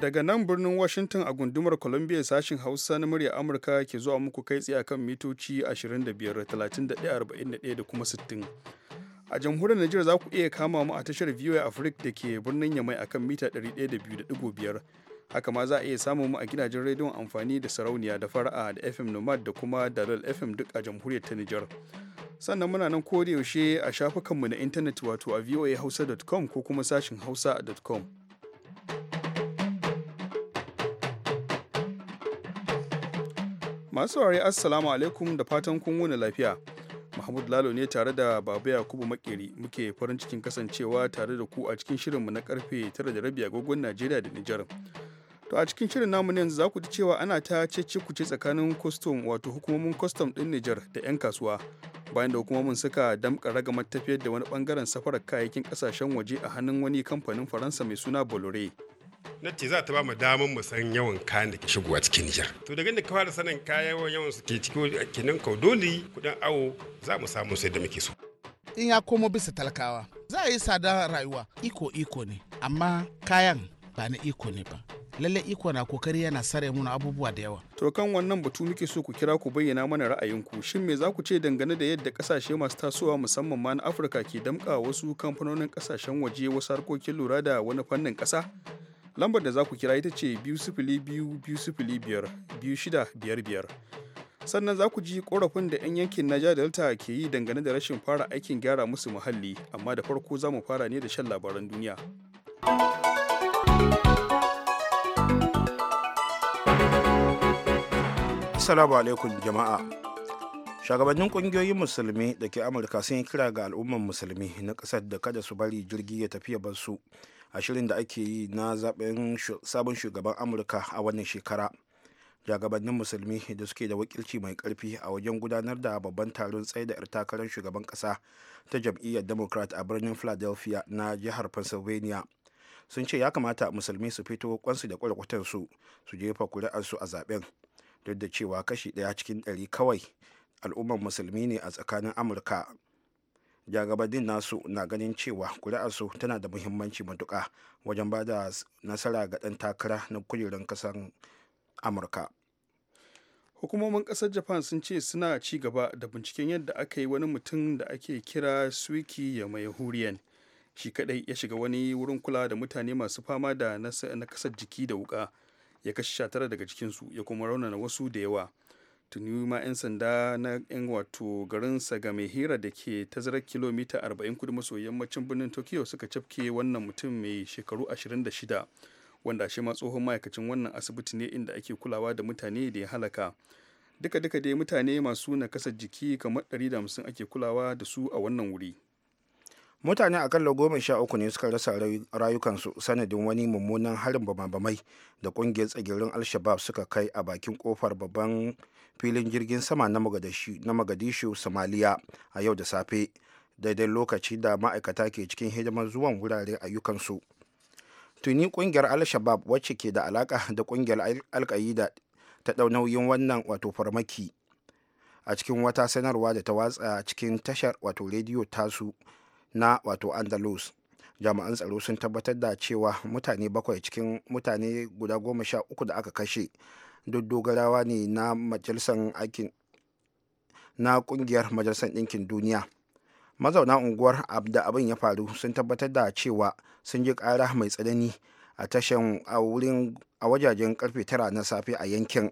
Daga nan birnin Washington a gundumar Columbia sashin Hausa na murya Amurka ke zuwa muku kai tsaye akan mitoci 25, 31, da kuma 60. A jamhuriyar Najeriya za ku iya kama mu a tashar VOA Africa da ke birnin Yamai akan mita 102.5 haka ma za a iya samun mu a gidajen rediyon amfani da sarauniya da fara'a da fm nomad da kuma dalal fm duk a jamhuriyar ta nijar sannan muna nan ko yaushe a shafukanmu na intanet wato a voahausa.com ko kuma sashin hausa.com masu ware assalamu alaikum da fatan kun wuni lafiya Mahmud Lalo ne tare da babu Yakubu Makeri muke farin cikin kasancewa tare da ku a cikin shirinmu na karfe 9:30 agogon Najeriya da Nijar. To a cikin shirin namu yanzu za ku ji cewa ana ta cece kuce tsakanin kostom wato hukumomin kwastam ɗin Nijar da 'yan kasuwa bayan da hukumomin suka damƙa ragamar tafiyar da wani ɓangaren safarar kayayyakin ƙasashen waje a hannun wani kamfanin Faransa mai suna Bolore. na ce za ta ba mu damar mu san yawan kayan da ke shigowa cikin Nijar. To daga inda ka fara sanin kayan yawan su ke ciki kenan dole kuɗin awo za mu samu sai da muke so. In ya komo bisa talakawa za a yi tsada rayuwa iko iko ne amma kayan ba na iko ne ba lalle iko na kokari yana sare muna abubuwa da yawa to kan wannan batu muke so ku kira ku bayyana mana ra'ayinku shin me za ku ce dangane da yadda kasashe masu tasowa musamman ma na afirka ke damƙa wasu kamfanonin kasashen waje wasu harkokin lura da wani fannin ƙasa lambar da za ku kira ita ce biyu sifili biyu biyu sifili biyar biyu shida biyar sannan za ku ji korafin da 'yan yankin naja delta ke yi dangane da rashin fara aikin gyara musu muhalli amma da farko za mu fara ne da shan labaran duniya Assalamu alaikum jama'a. Shugabannin kungiyoyin musulmi da ke Amurka sun yi kira ga al'ummar musulmi na ƙasar da kada su bari jirgi ya tafiya ban su a shirin da ake yi na zaben sabon shugaban Amurka a wannan shekara. Shugabannin musulmi da suke da wakilci mai ƙarfi a wajen gudanar da babban taron tsaye da takarar shugaban ƙasa ta jam'iyyar Democrat a birnin Philadelphia na jihar Pennsylvania. sun ce ya kamata musulmi su fito kwansu da kwarkwatansu su jefa kuri'arsu a zaɓen. duk da cewa kashi daya cikin ɗari kawai al'ummar musulmi ne a tsakanin amurka jagabannin nasu na ganin cewa kuri'arsu tana da muhimmanci matuƙa wajen ba da nasara ga ɗan takara na kujerun ƙasar amurka hukumomin ƙasar japan sun ce suna ci gaba da binciken yadda aka yi wani mutum da ake kira suiki ya mai huriyan shi kadai ya shiga wani wurin kula da mutane masu fama da na kasar jiki da wuka ya kashe 19 daga cikinsu ya kuma raunana wasu da yawa tuni ma 'yan sanda na 'yan wato garin hira da ke tazarar kilomita arba'in kudu maso yammacin birnin tokyo suka cafke wannan mutum mai shekaru ashirin da shida wanda shi ma tsohon ma'aikacin wannan asibiti ne inda ake kulawa da mutane da ya halaka duka-duka dai mutane masu nakasar jiki kamar ɗari da 150 ake kulawa da su a wannan wuri mutane akalla goma sha uku ne suka rasa rayukansu sanadin wani mummunan harin bamai da kungiyar tsagirin alshabab suka kai a bakin kofar babban filin jirgin sama na magadishu somalia a yau da safe daidai lokaci da ma'aikata ke cikin hidimar zuwan wurare ayyukansu tuni kungiyar alshabab wacce ke da alaka da kungiyar alka'ida ta ɗau nauyin wannan wato farmaki a cikin wata sanarwa da ta watsa cikin tashar wato rediyo tasu na wato andalus jami'an tsaro sun tabbatar da cewa mutane bakwai cikin mutane guda goma sha uku da aka kashe duk dogarawa ne na majalisar aikin na kungiyar majalisar ɗinkin duniya mazauna unguwar da abin ya faru sun tabbatar da cewa sun ji ƙara mai tsanani a tashan a wurin a wajajen karfe tara na safe a yankin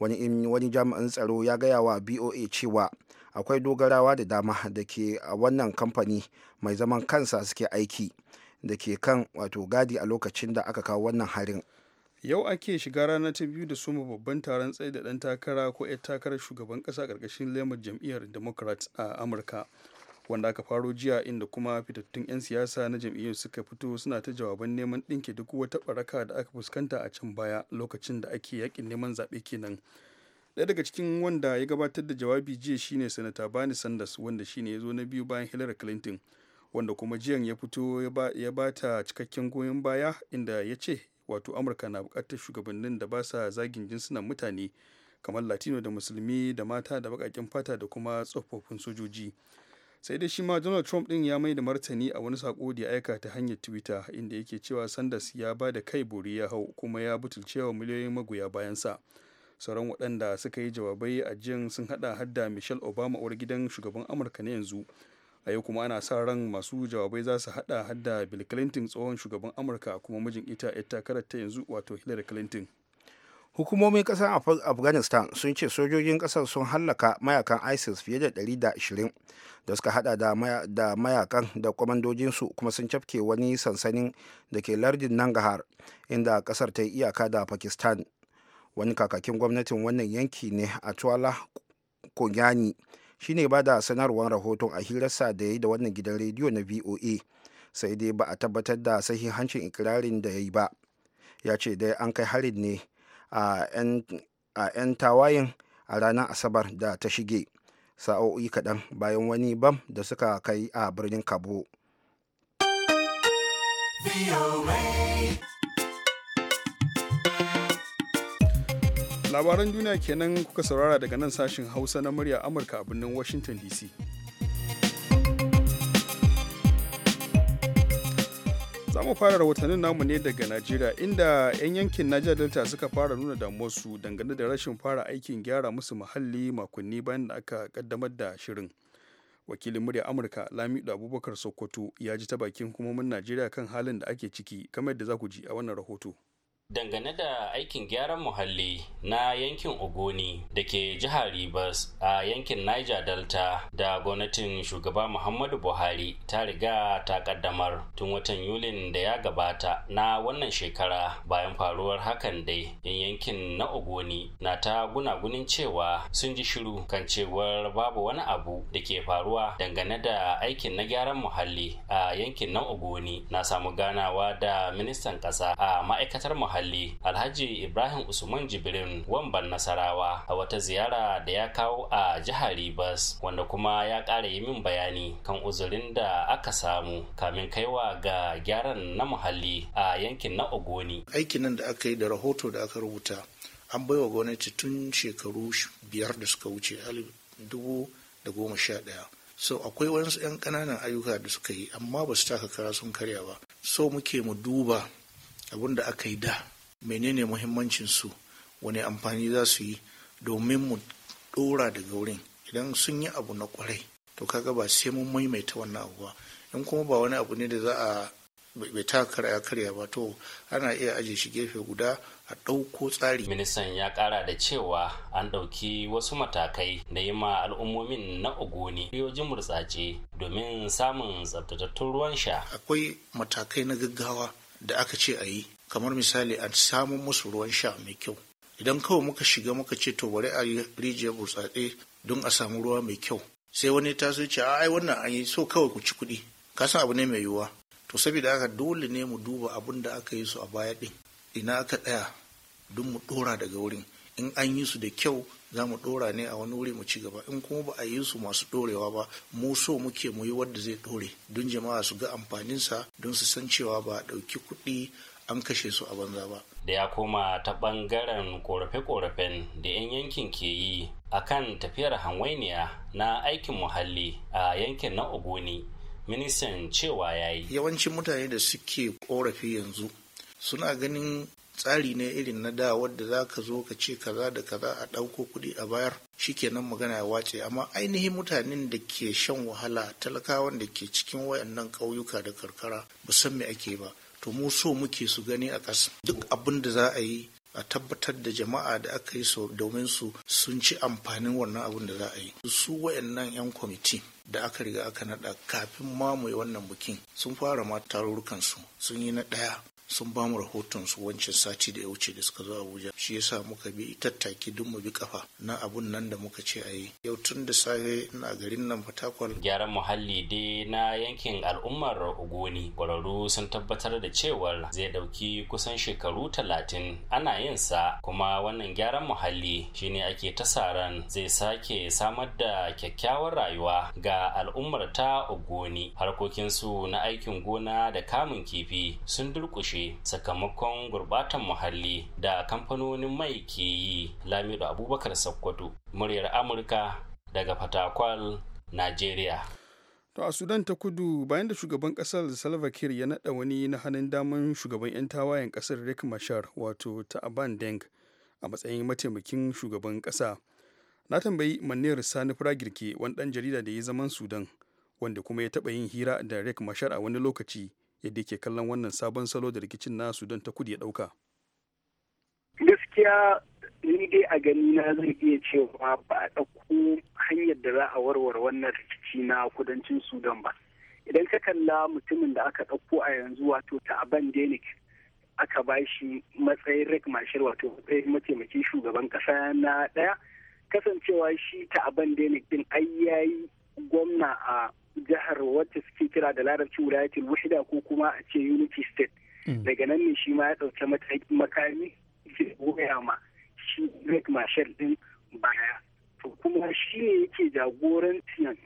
wani wani jami'in tsaro ya gaya wa boa cewa akwai dogarawa da dama da ke a wannan kamfani mai zaman kansa suke aiki da ke kan wato gadi a lokacin da aka kawo wannan harin yau ake shiga rana ta biyu da suma babban taron tsaye da ɗan takara ko yan takarar shugaban ƙasa karkashin lemar jam'iyyar democrat a amurka wanda aka faro jiya inda kuma fitattun 'yan siyasa na jam'iyyar suka fito suna ta jawaban neman ɗinke duk wata ɓaraka da aka fuskanta a can baya lokacin da ake yakin neman zaɓe kenan ɗaya daga cikin wanda ya gabatar da jawabi jiya shine sanata bani sanders wanda shine ya zo na biyu bayan hillary clinton wanda kuma jiyan ya fito ya ba ta cikakken goyon baya inda ya ce wato amurka na bukatar shugabannin da ba sa zagin jinsunan mutane kamar latino da musulmi da mata da baƙaƙen fata da kuma tsofaffin sojoji sai dai shi ma donald trump din ya mai da martani a wani sako da ya aika ta hanyar twitter inda yake cewa sanders ya ba da kai bori ya hau kuma ya butulcewa miliyoyin magoya bayansa. sa sauran waɗanda suka yi jawabai a jin sun hada hadda michelle obama uwar gidan shugaban amurka na yanzu a yau kuma ana sa ran masu jawabai za su hada hadda bill clinton tsohon shugaban amurka kuma mijin ita yar takarar ta yanzu wato hillary clinton hukumomin kasar afghanistan sun ce sojojin kasar sun hallaka mayakan isis fiye da 120 da suka hada da, da mayakan da kwamandojinsu kuma sun cafke wani sansanin da ke lardin nangahar inda kasar ta yi iyaka da pakistan wani kakakin gwamnatin wannan yanki ne a tuwala kogani shine ba da sanarwar rahoton a hirarsa da ya yi da wannan gidan rediyo na voa sai dai ba a tabbatar da sahihancin ikirarin da ya yi ba ya ce dai an kai harin ne a 'yan tawayen a ranar asabar da ta shige sa'o'i kaɗan bayan wani bam da suka kai a birnin kabo. labaran duniya kenan kuka saurara daga nan sashin hausa na murya amurka a birnin washington dc za mu fara rahotannin namu ne daga najeriya inda 'yan yankin niger delta suka fara nuna damuwarsu dangane da rashin fara aikin gyara musu muhalli makonni bayan da aka kaddamar da shirin wakilin murya amurka lamido abubakar sokoto ya ji ta bakin hukumomin najeriya kan halin da ake ciki kamar yadda za ku ji a wannan rahoto dangane da aikin gyaran muhalli na yankin ogoni da ke jihar ribas a yankin niger delta da gwamnatin shugaba muhammadu buhari ta riga ta kaddamar tun watan yulin da ya gabata na wannan shekara bayan faruwar hakan dai yan yankin na ogoni na ta gunagunin cewa sun ji shiru kan cewar babu wani abu da ke faruwa dangane da aikin na gyaran muhalli a yankin na ogoni na samu ganawa da ministan ƙasa a ma'aikatar muhalli muhalli alhaji ibrahim usman jibrin wamban nasarawa a wata ziyara da ya kawo a jihar ribas wanda kuma ya ƙara yi min bayani kan uzurin da aka samu kamin kaiwa ga gyaran na muhalli a yankin na ogoni aikin nan da aka yi da rahoto da aka rubuta an baiwa gwamnati tun shekaru biyar da suka wuce dubu da goma sha ɗaya so akwai wasu 'yan ƙananan ayyuka da suka yi amma ba su taka kara sun karya ba so muke mu duba abin da aka yi da menene muhimmancin su wani amfani za su yi domin mu ɗora daga wurin idan sun yi abu na kwarai to kaga ba sai mun maimaita wannan abu in kuma ba wani abu ne da za a bai ta karya karya ba to ana iya aje shi gefe guda a ɗauko tsari. ministan ya ƙara da cewa an ɗauki wasu matakai na yi ma al'ummomin na ogoni riyojin murtsace domin samun tsaftatattun ruwan sha akwai matakai na gaggawa da aka ce a yi kamar misali a samun musu ruwan sha mai kyau idan kawai muka shiga muka ce to bari a rijiyar burtsatse don a samu ruwa mai kyau sai wani ta so ce ai wannan an yi so kawai ku ci kuɗi ka san abu ne mai yiwuwa to saboda haka dole ne mu duba abin da aka yi su a baya ɗin ina aka tsaya don mu ɗora daga wurin in an yi su da kyau za mu ɗora ne a wani wuri mu ci gaba in kuma ba a yi su masu ɗorewa ba mu so muke mu yi wadda zai ɗore don jama'a su ga amfaninsa don su san cewa ba a ɗauki kuɗi an kashe su a banza ba. Da ya koma ta ɓangaren ƙorafe korafen da 'yan yankin ke yi a kan tafiyar hanwainiya na aikin muhalli a yankin na Ogoni, ministan cewa yayi. Yawancin mutane da suke ƙorafi yanzu suna ganin tsari ne irin na da wadda za ka zo ka ce kaza da kaza a ɗauko kuɗi a bayar shikenan magana ya wace amma ainihin mutanen da ke shan wahala talakawan da ke cikin wayannan ƙauyuka da karkara ba san me ake ba to mu so muke su gani a ƙasa duk abin da za a yi a tabbatar da jama'a da aka yi so domin su sun ci amfanin wannan abin da za a yi su wayannan 'yan kwamiti da aka riga aka naɗa kafin mamaye wannan bikin sun fara ma tarurrukan su sun yi na ɗaya sun ba mu rahoton su wancan sati da ya wuce da suka zo Abuja shi yasa muka bi tattaki duk mu bi kafa na abun nan da muka ce a yi. yau tun da safe na garin nan Fatakwal gyaran muhalli dai na yankin al'ummar Ogoni kwararru sun tabbatar da cewar zai dauki kusan shekaru talatin ana yin sa kuma wannan gyaran muhalli shine ake tasaran zai sake samar da kyakkyawar rayuwa ga al'ummar ta Ogoni harkokin su na aikin gona da kamun kifi sun durkushe rushe sakamakon gurbatan muhalli da kamfanonin mai ke yi lamido abubakar sakkwato muryar amurka daga fatakwal nigeria to a sudan ta kudu bayan da shugaban kasar salva kiir ya nada wani na hannun daman shugaban 'yan tawayen kasar rick mashar wato ta aban deng a matsayin mataimakin shugaban kasa na tambayi manir sani firagirke wani dan jarida da ya zaman sudan wanda kuma ya taba yin hira da rick mashar a wani lokaci yadda ke kallon wannan sabon salo da rikicin na sudan ta kudu ya ɗauka gaskiya ni dai a gani na zan iya cewa ba a ɗauko hanyar da za a warware wannan rikici na kudancin sudan ba idan ka kalla mutumin da aka ɗauko a yanzu wato ta aban denik aka ba shi matsayin rik mashir wato matsayin mataimakin shugaban ƙasa na ɗaya kasancewa shi ta aban denik din ai yayi gwamna a jihar wacce suke kira da larabci wilayatul wahida ko kuma a ce unity state hmm. daga nan ne shi ma ya ɗauki makami goya ma shi Greg Marshall din baya to kuma shi ne yake jagorancin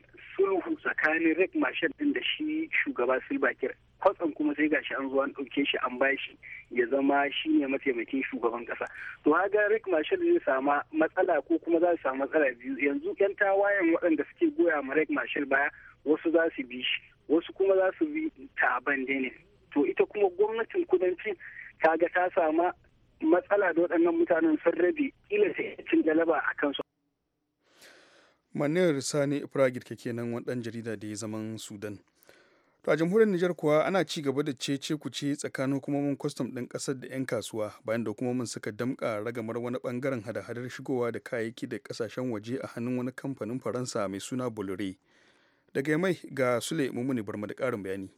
sulhu tsakanin Rick Marshall din da shi shugaba Silva Kir. Kwatsam kuma sai gashi an zo an ɗauke shi an bashi ya zama shi ne mataimakin shugaban kasa To haga Rick Marshall zai sama matsala ko kuma za su samu matsala biyu yanzu 'yan tawayen waɗanda suke goya ma Rick Marshall baya wasu za su bi shi wasu kuma za su bi taban ne. To ita kuma gwamnatin kudanci ta ga ta sama matsala da waɗannan mutanen sun rabe ila sai cin galaba a kansu maniyar sani ke kenan wadan jarida da ya zaman sudan to a jamhuriyar nijar kuwa ana ci gaba da cece kuce tsakanin hukumomin kwastam ɗin ƙasar da 'yan kasuwa bayan da hukumomin suka damƙa ragamar wani bangaren hada-hadar shigowa da kayayyaki da kasashen waje a hannun wani kamfanin faransa mai suna bolore daga mai ga sule mummuni barma da karin bayani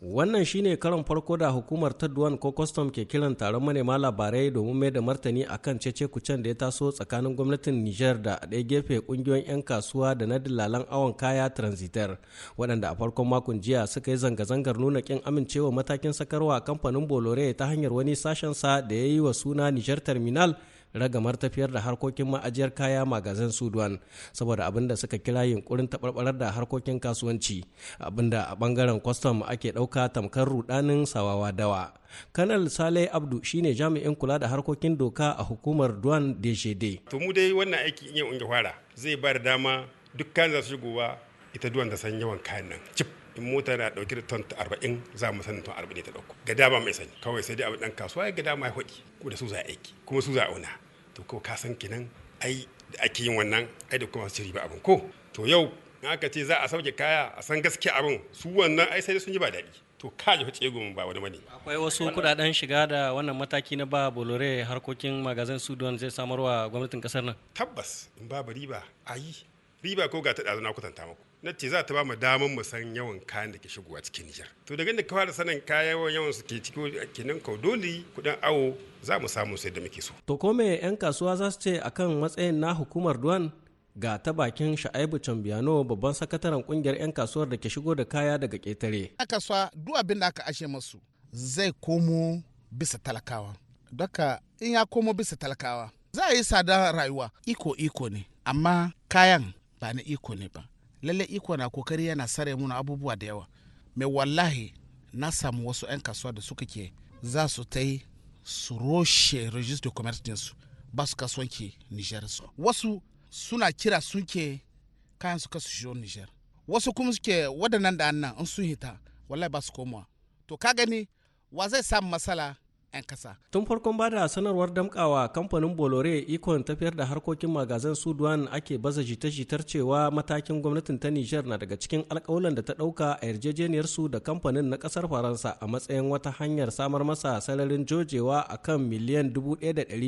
Wannan shine karon farko da hukumar ta Duwan ko Custom ke kiran taron manema labarai domin mai da martani akan cece kucen da ya taso tsakanin gwamnatin Nijar da ɗaya gefe ƙungiyoyin 'yan kasuwa da na dillalan awon kaya transiter waɗanda a farkon makon jiya suka yi zanga-zangar nuna kin amincewa matakin sakarwa kamfanin Bolore ta hanyar wani sashensa da ya yi wa suna niger Terminal ragamar tafiyar da harkokin ma'ajiyar kaya magazin sudan saboda abin da suka kira yunkurin taɓarɓarar da harkokin kasuwanci abinda a ɓangaren kwastam ake ɗauka tamkar rudanin sawawa dawa kanal sale abdu shine jami'in kula da harkokin doka a hukumar duwan dgd to mu dai wannan aiki in yi fara zai bar dama duk za su shigowa ita duwan da san yawan kayan nan cip in mota na dauke da ton 40 za mu sanin ton 40 ne ta dauko ga dama mai sani kawai sai dai abin dan kasuwa ya ga dama ya hudi ko da su za aiki kuma su za auna to ko ka san kinan ai da ake yin wannan ai da kuma su riba abin ko to yau in aka ce za a sauke kaya a san gaskiya abin su wannan ai sai sun yi ba daɗi to ka ji hace gumin ba wani bane akwai wasu kudaden shiga da wannan mataki na ba bolore harkokin magazin sudan zai samarwa gwamnatin kasar nan tabbas in ba riba ayi riba ko ga ta ɗazu na kutanta muku na ce za ta ba mu damar mu san yawan kayan da ke shigowa cikin Nijar. To daga da ka fara sanin kaya yawan yawan su ke ciki kenan kau dole kudin awo za mu samu sai da muke so. To ko me 'yan kasuwa za su ce akan matsayin na hukumar Duwan ga ta bakin Sha'aibu Chambiano babban sakataren kungiyar 'yan kasuwar da ke shigo da kaya daga ketare. A kasuwa duk abin da aka ashe masu zai komo bisa talakawa. Daka in ya komo bisa talakawa za a yi tsada rayuwa iko iko ne amma kayan ba na iko ne ba. lalle iko na kokari yana sare muna abubuwa da yawa mai wallahi na samu wasu 'yan kasuwa da suka ke za su ta yi su roshe de commerce dinsu ba su kasuwanci niger su wasu suna kira suke kayan su kasu shiro niger wasu kuma suke waɗannan da annan in sun hita wallahi ba su komowa to ka gani wa zai samu matsala 'yan kasa. Tun farkon ba da sanarwar damkawa kamfanin Bolore ikon tafiyar da harkokin magazan Sudan ake baza jita-jitar cewa matakin gwamnatin ta Nijar na daga cikin alkawalan da ta ɗauka a yarjejeniyarsu da kamfanin na kasar Faransa a matsayin wata hanyar samar masa sararin jojewa a kan miliyan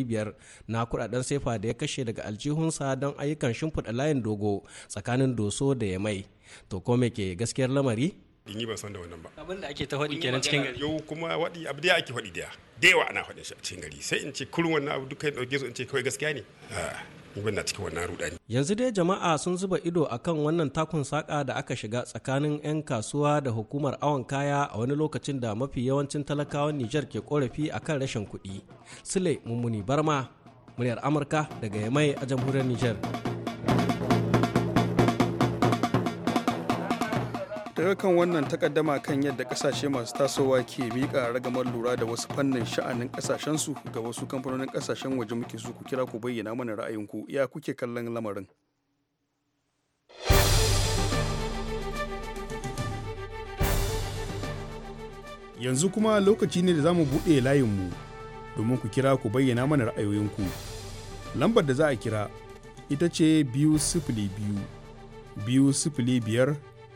biyar na kuɗaɗen sefa da ya kashe daga aljihunsa don ayyukan shimfiɗa layin dogo tsakanin Doso da Yamai. To ko me ke gaskiyar lamari? in yi ban san da wannan ba abin da ake ta faɗi kenan cikin gari yau kuma waɗi abu da ake faɗi da yawa ana faɗin shi a cikin gari sai in ce kurun wannan abu duka ɗauke su in ce kawai gaskiya ne ah, ban na cikin wannan rudani yanzu dai jama'a sun zuba ido akan wannan takun saka da aka shiga tsakanin 'yan kasuwa da hukumar awon kaya a wani lokacin da mafi yawancin talakawan Nijar ke korafi akan rashin kuɗi sule mummuni barma muryar amurka daga yamai a jamhuriyar Nijar. daga kan wannan takaddama kan yadda kasashe masu tasowa ke miƙa ragamar lura da wasu fannin sha'anin kasashensu ga wasu kamfanonin kasashen waje muke su ku kira ku bayyana mana ra'ayinku ya kuke kallon lamarin yanzu kuma lokaci ne da za mu buɗe layinmu domin ku kira ku bayyana mana ra'ayoyinku lambar da za a kira ita ce biyu sifili biyu biyu sifili biyar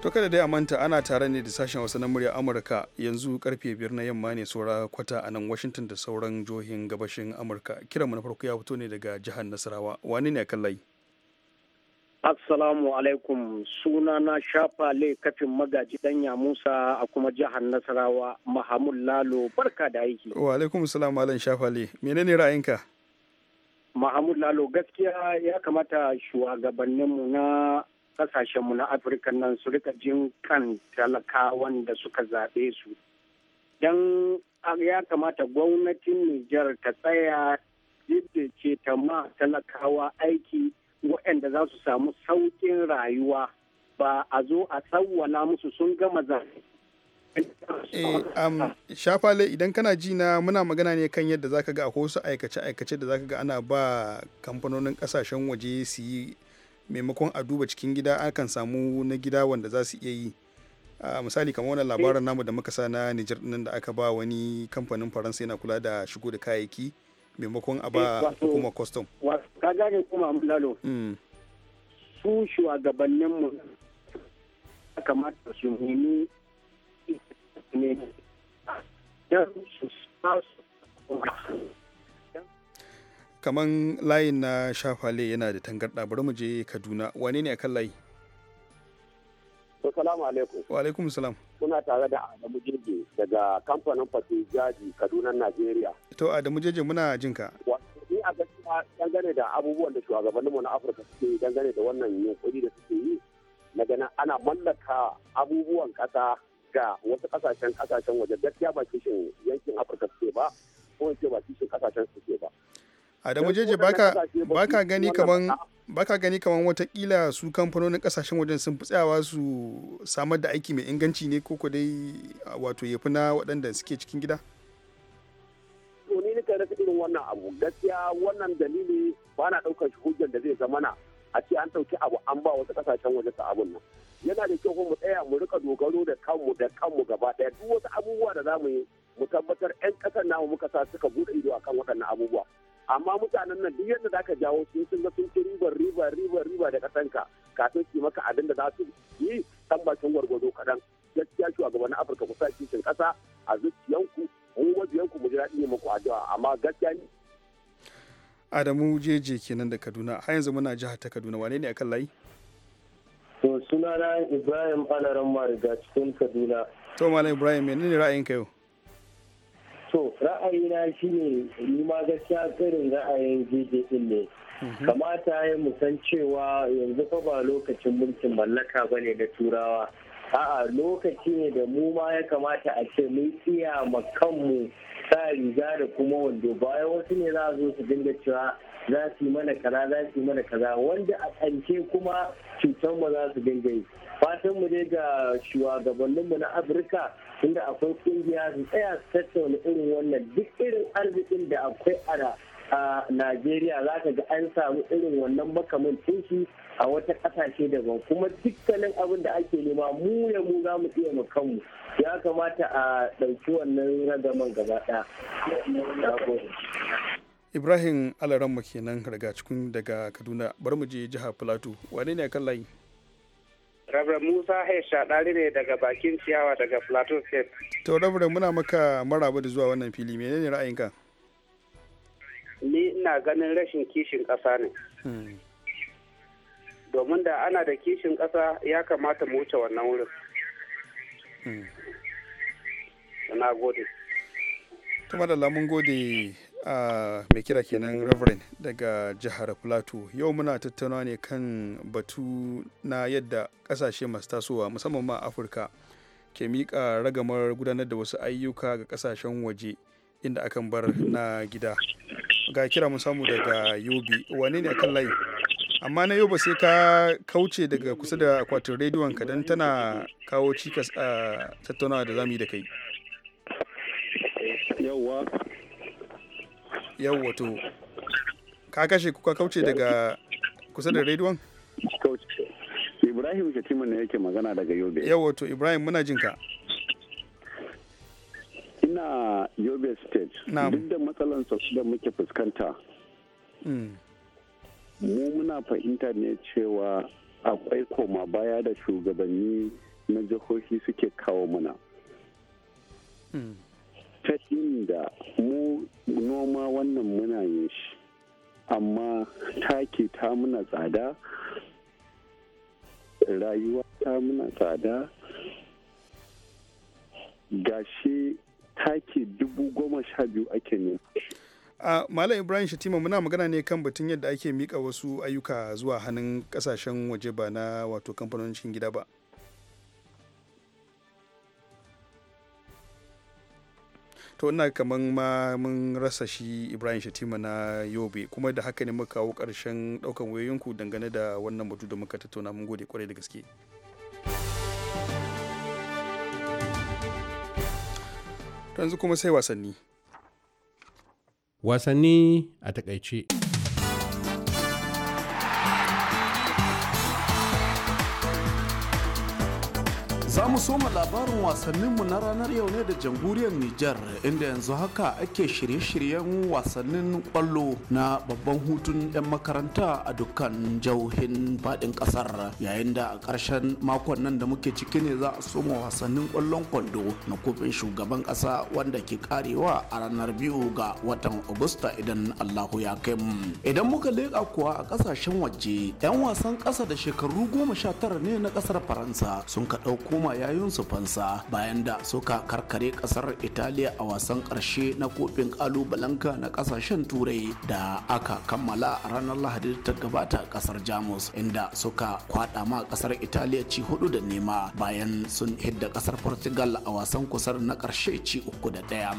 To kada dai a manta ana tare ne da sashen wasu na murya Amurka yanzu karfe biyar na yamma ne saura kwata a nan Washington da sauran jihohin gabashin Amurka. Kiranmu na farko ya fito ne daga jihar Nasarawa. Wani ne kallai? Assalamu alaikum suna na shafa kafin magaji danya Musa a kuma jihar Nasarawa Mahamud Lalo barka da aiki. Wa alaikum salam malam shafa le menene ra'ayinka? Mahamud Lalo gaskiya ya kamata shugabanninmu na kasashenmu na afirka nan su rika jin kan talakawan da suka zaɓe su don ya kamata gwamnatin nijar ta tsaya ce ta ma talakawa aiki waɗanda za su samu sauƙin rayuwa ba a zo a tsawwala musu sun gama zaɓe Eh, um, shafale idan kana ji na muna magana ne kan yadda zaka ga akwai wasu aikace-aikace da zaka ga ana ba kamfanonin kasashen waje su yi maimakon a duba cikin gida akan samu na gida wanda za su iya yi a misali kamar wannan labarin namu da muka sa na Nijar nan da aka ba wani kamfanin Faransa yana kula da shigo da kayayyaki maimakon a ba eh, kuma custom ka gane kuma lalo mm. su shugabanninmu kamata su nemi ne su kaman layin na shafale yana da tangarɗa bari mu je kaduna wane ne akan layi salamu alaikum. Wa alaikum salam. Kuna tare da Adamu jirgi daga kamfanin fasi Jaji Kaduna nigeria. To Adamu jirgin muna jin ka. Ni a gaskiya dangane da abubuwan da shugabanninmu na Afirka suke dangane da wannan yunkuri da suke yi na ganin ana mallaka abubuwan kasa ga wasu kasashen kasashen waje gaskiya ba kishin yankin Afirka suke ba ko ce ba kishin kasashen suke ba. Adamu Jeje baka baka gani kaman baka gani kaman watakila su kamfanonin kasashen wajen sun fi tsayawa su samar da aiki mai inganci ne ko dai wato yafi na waɗanda suke cikin gida? To ni nika rasa irin wannan abu gaskiya wannan dalili ba na ɗaukar shi hujjan da zai na a ce an ɗauki abu an ba wasu kasashen waje su abun nan. Yana da kyau mu tsaya mu rika dogaro da kanmu da kanmu gaba ɗaya duk wasu abubuwa da za mu yi mu tabbatar 'yan ƙasar namu muka sa suka buɗe ido akan waɗannan abubuwa. amma mutanen nan duk yadda za ka jawo sun sun ga sun ci ribar riba riba riba da kasanka kafin su maka abin da za su yi kan bakin gwargwado kaɗan gaskiya na afirka kusa kishin ƙasa a zuciyanku mu mabiyanku mu ji daɗi ne muku addu'a amma gaskiya ne. Adamu jeje kenan da Kaduna har yanzu muna jihar ta Kaduna wane ne akan layi? To sunana Ibrahim Alaran Mariga cikin Kaduna. To Malam Ibrahim menene ra'ayinka yau? to ra'ayina shine ni ma gaskiya tsirin ra'ayin jeje din ne mhm. kamata ya musan cewa yanzu fa ba lokacin mulkin mallaka ba ne na turawa a'a lokaci ne da mu ma ya kamata a ce mun iya kanmu sa riga da kuma wando baya wasu ne za zo su dinga cewa za su yi mana kaza za su yi mana kaza wanda a ƙance kuma cutar mu za su dinga yi fatan mu dai ga shugabannin mu na afirka tunda akwai kungiya su tsaya su tattauna irin wannan duk irin arzikin da akwai a Najeriya za ka ga an samu irin wannan makamancin shi a wata ƙasashe daban kuma dukkanin abin da ake nema mu ya mu za mu iya mu kanmu ya kamata a ɗauki wannan ragaman gaba ɗaya. Ibrahim Alaramma kenan daga cikin daga Kaduna bari mu je jihar Plateau wane ne kan layi? Rabar Musa Haisha ɗari ne daga bakin ciyawa daga Plateau State. To Rabar muna maka maraba da zuwa wannan fili menene ra'ayinka? Ni ina ganin rashin kishin ƙasa ne. Hmm. domin da ana da kishin ƙasa ya kamata mu wuce wannan wurin hmm. na gode tuma da lamun gode a mai kira kenan reverend daga jihar plateau yau muna tattauna ne kan batu na yadda kasashe masu tasowa musamman ma afirka ke miƙa ragamar gudanar da wasu ayyuka ga kasashen waje inda akan bar na gida ga kira musamman samu daga yobe wane ne akan layi amma na yau ba sai ka kauce daga kusa da akwatin rediyon ka don tana kawo cikas a tattaunawa da zamu yi da kai yawwa yawwa to ka kashe kuka kauce daga kusa da rediyon ibrahim shatima ne yake magana daga yobe yawwa to ibrahim muna jin ka ina yobe state duk da matsalan da muke fuskanta mm. mu muna fahimta ne cewa akwai koma baya da shugabanni na jihohi suke kawo mana hmm. ta inda mu noma wannan muna yin shi amma taki ta muna tsada rayuwa ta muna tsada gashi taki dubu goma sha biyu ake nema shi a malam ibrahim shatima muna magana ne kan batun yadda ake mika wasu ayyuka zuwa hannun kasashen waje ba na wato kamfanonin cikin gida ba to ina kaman ma mun rasa shi ibrahim shatima na yobe kuma da haka ne muka kawo karshen daukan wayoyinku dangane da wannan batu da muka tattauna mun gode kwarai da gaske yanzu kuma sai wasanni wasanni a takaice. Za mu soma labarin wasanninmu na ranar yau ne da jamhuriyar Nijar inda yanzu haka ake shirye-shiryen wasannin kwallo na babban hutun 'yan makaranta a dukkan jauhin faɗin ƙasar yayin da a ƙarshen makon nan da muke ciki ne za a soma wasannin kwallon kwando na kofin shugaban ƙasa wanda ke karewa a ranar biyu ga watan Agusta idan Allahu ya kai mu. Idan muka leƙa kuwa a ƙasashen waje 'yan wasan ƙasa da shekaru goma sha tara ne na ƙasar Faransa sun ka ɗauko wa su fansa bayan da suka karkare kasar Italiya a wasan karshe na kofin kalubalanka na kasashen turai da aka kammala a ranar Lahadi ta gabata kasar Jamus inda suka kwada ma kasar Italiya ci hudu da nema bayan sun hidda kasar Portugal a wasan kusar na karshe ci uku da ɗaya.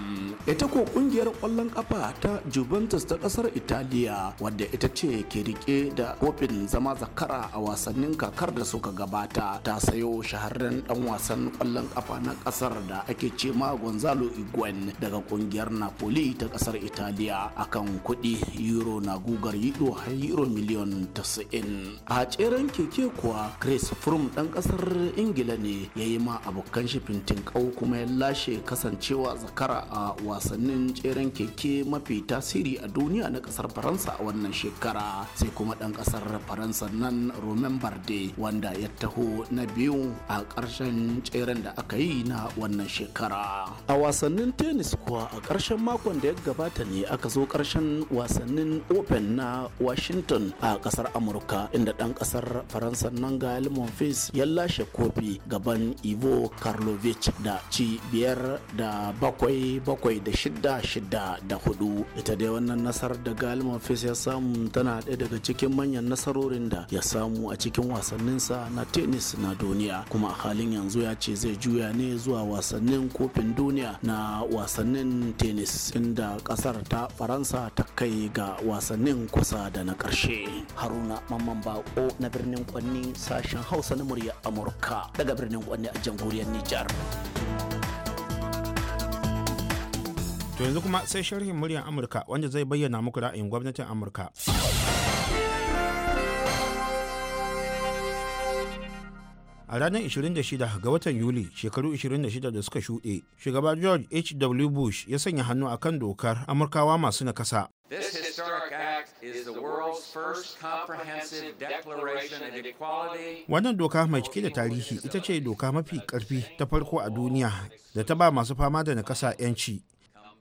Ita ko kungiyar kwallon kafa ta Juventus ta kasar Italiya wadda ita ce ke rike da kofin zama zakara a wasannin kakar da suka gabata ta sayo shahararren dan wasan kwallon kafa na kasar da ake ce ma Gonzalo Higuain daga kungiyar Napoli ta kasar Italiya akan kuɗi euro na gugar yido har euro miliyon 90. A tseren keke kuwa Chris Froome dan kasar Ingila ne ya yi ma abokan shi fintin kau kuma ya lashe kasancewa zakara a wasannin tseren keke mafi tasiri a duniya na kasar Faransa a wannan shekara sai kuma dan kasar Faransa nan Romain Bardet wanda ya taho na biyu a ƙarshen ƙarshen tseren da aka yi na wannan shekara a wasannin tennis kuwa a ƙarshen makon da ya gabata ne aka zo ƙarshen wasannin open na washington a ƙasar amurka inda ɗan ƙasar faransa nan galman monfils ya lashe kofi gaban ivo karlovic da ci biyar da bakwai bakwai da shidda shidda da hudu ita dai wannan nasarar da ga monfils ya samu tana ɗaya daga cikin manyan nasarorin da ya samu a cikin wasanninsa na tennis na duniya kuma a halin yanzu ya ce zai juya ne zuwa wasannin kofin duniya na wasannin tennis inda kasar ta faransa ta kai ga wasannin kusa da na karshe haruna mamman bako na birnin kwanni sashen hausa na murya amurka daga birnin kwanni a jamhuriyar nijar to yanzu kuma sai sharhin muryar amurka wanda zai bayyana muku ra'ayin gwamnatin amurka a ranar 26 ga watan yuli shekaru 26 da suka shuɗe shugaba george h bush ya sanya hannu a kan dokar amurkawa masu nakasa This Wannan doka mai cike da tarihi ita ce doka mafi karfi ta farko a duniya da ta ba masu fama da nakasa 'yanci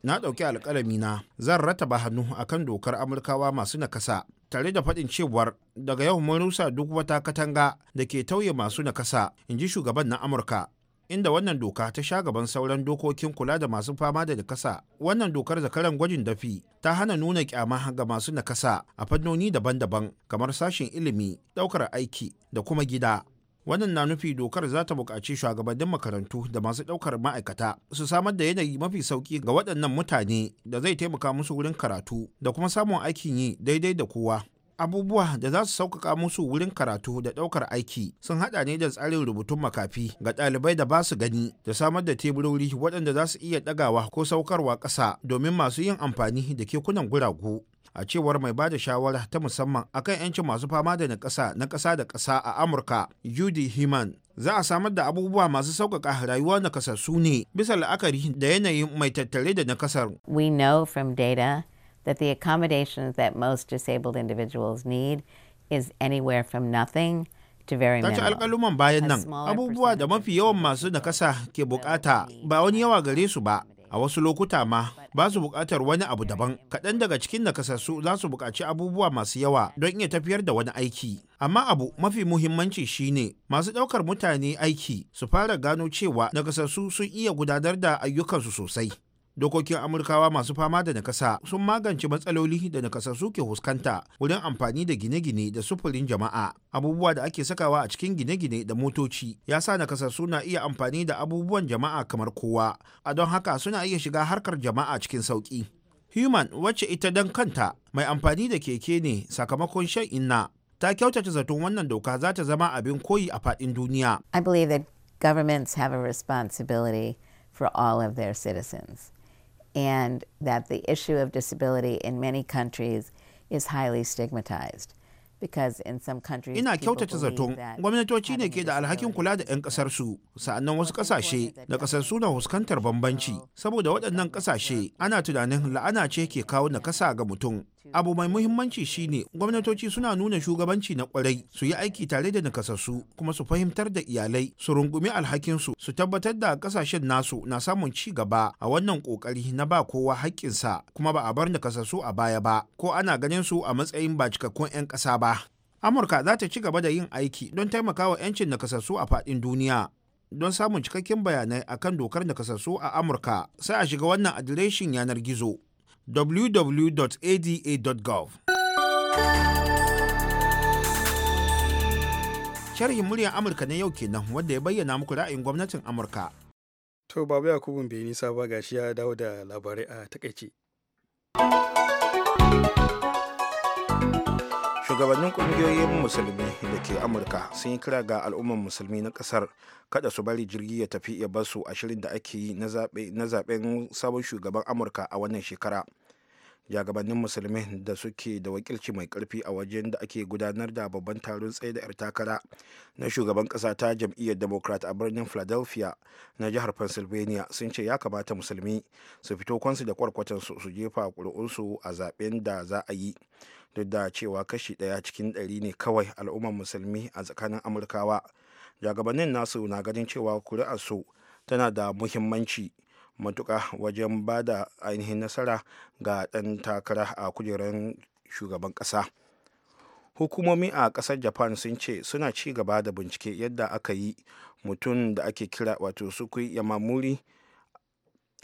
na ɗauki alƙalami na zan rataba hannu a kan dokar amurkawa masu nakasa tare da faɗin cewar daga yau mun rusa duk wata katanga da ke tauye masu nakasa in ji shugaban na amurka inda wannan doka ta sha gaban sauran dokokin kula da masu fama da nakasa wannan dokar zakaran gwajin dafi ta hana nuna kyama ga masu nakasa a fannoni daban-daban kamar sashen ilimi ɗaukar aiki da kuma gida wannan na nufi dokar za ta buƙaci shugabannin makarantu da masu ɗaukar ma'aikata su samar da yanayi mafi sauƙi ga waɗannan mutane da zai taimaka musu wurin karatu da kuma samun aikin yi daidai da kowa abubuwa da za su sauƙaƙa musu wurin karatu da ɗaukar aiki sun haɗa ne da tsarin rubutun makafi ga ɗalibai da ba su gani da samar da teburori waɗanda za su iya ɗagawa ko saukarwa ƙasa domin masu yin amfani da kekunan guragu a cewar mai bada shawara ta musamman akan 'yancin masu fama da nakasa na ƙasa da ƙasa a amurka judy heman za a samar da abubuwa masu sauƙaƙa rayuwa nakasassu ne bisa la'akari da yanayin mai tattare da nakasar we know from data that the accommodations that most disabled individuals need is anywhere from nothing ta ci alƙaluman bayan nan abubuwa da mafi yawan masu nakasa ke bukata ba wani yawa gare su ba a wasu lokuta ma ba su bukatar wani abu daban kaɗan daga cikin nakasassu za su bukaci abubuwa masu yawa don iya tafiyar da wani aiki amma abu mafi muhimmanci shine masu ɗaukar mutane aiki su fara gano cewa nakasassu sun iya gudanar da ayyukansu sosai dokokin amurkawa masu fama da nakasa sun magance matsaloli da nakasa suke fuskanta wurin amfani da gine-gine da sufurin jama'a abubuwa da ake sakawa a cikin gine-gine da motoci ya sa nakasa suna iya amfani da abubuwan jama'a kamar kowa a don haka suna iya shiga harkar jama'a cikin sauki human wacce ita dan kanta mai amfani da keke ne sakamakon shan inna ta kyautata zaton wannan doka za ta zama abin koyi a fadin duniya i believe that governments have a responsibility for all of their citizens and that the issue of disability in many countries is highly stigmatized. Ina kyautata zaton gwamnatoci ne ke da alhakin kula da 'yan kasarsu sa'annan wasu kasashe da kasarsu na fuskantar bambanci, saboda waɗannan kasashe ana tunanin la'ana ce ke kawo nakasa ga mutum, Abu mai muhimmanci shine gwamnatoci suna nuna shugabanci na kwarai su yi aiki tare da nakasassu kuma su fahimtar da iyalai su rungumi alhakinsu su tabbatar da kasashen nasu na samun ci gaba a wannan kokari na ba kowa haƙƙinsa kuma ba a bar nakasassu a baya ba ko ana ganin su a matsayin ba cikakkun 'yan ƙasa ba. Amurka za ta ci gaba da yin aiki don taimakawa 'yancin nakasassu a faɗin duniya. don samun cikakken bayanai akan dokar nakasassu a amurka sai a shiga wannan adireshin yanar gizo www.ada.gov. Sharhin muryar Amurka na yau kenan wanda ya bayyana muku ra'ayin gwamnatin Amurka. To babu Yakubun bai nisa ba gashi ya dawo da labarai a takaice. shugabannin kungiyoyin musulmi da ke amurka sun yi kira ga al'ummar musulmi na kasar kada su bari jirgi ya tafi ya basu a shirin da ake yi na zaben sabon shugaban amurka a wannan shekara jagabannin musulmi da suke da wakilci mai karfi a wajen da ake gudanar da babban taron tsaye da 'yar takara na shugaban kasa ta jam'iyyar democrat a birnin philadelphia na jihar pennsylvania sun ce ya kamata musulmi su fito kwansu da kwarkwatansu su jefa ƙuri'unsu a zaben da za a yi duk da cewa kashi daya cikin ɗari ne kawai al'ummar musulmi a tsakanin amurkawa jagabannin nasu na ganin cewa su tana da muhimmanci matuka wajen ba da ainihin nasara ga ɗan takara a kujerar shugaban ƙasa hukumomi a ƙasar japan sun ce suna ci gaba da bincike yadda aka yi mutum da ake kira wato sukui yamamuri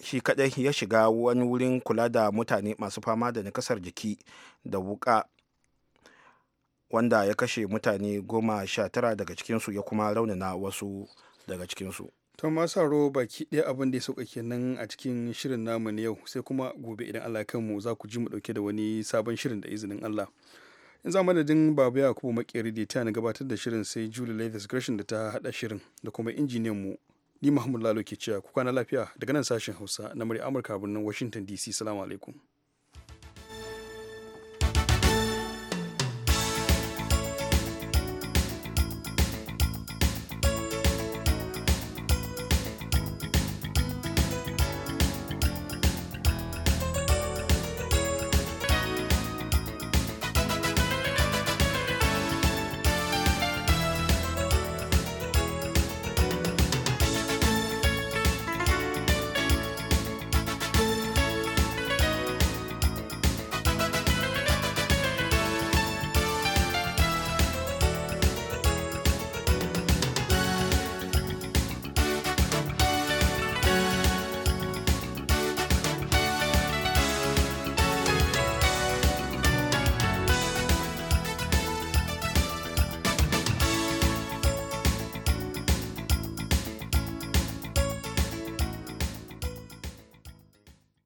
shi kadai ya shiga wani wurin kula da mutane masu fama da nakasar jiki da wuka wanda ya kashe mutane goma sha tara daga cikinsu ya kuma raunana wasu daga cikinsu to haro baki ɗaya abin da ya sauka kenan a cikin shirin namu na yau sai kuma gobe idan allah kanmu za ku ji mu ɗauke da wani sabon shirin da izinin allah in za madadin babu yakubu makeri da ta gabatar da shirin sai julie lathis gresham da ta haɗa shirin da kuma injiniyan mu ni mahmud lalo ke cewa ku kwana lafiya daga nan sashen hausa na murya amurka birnin washington dc salamu alaikum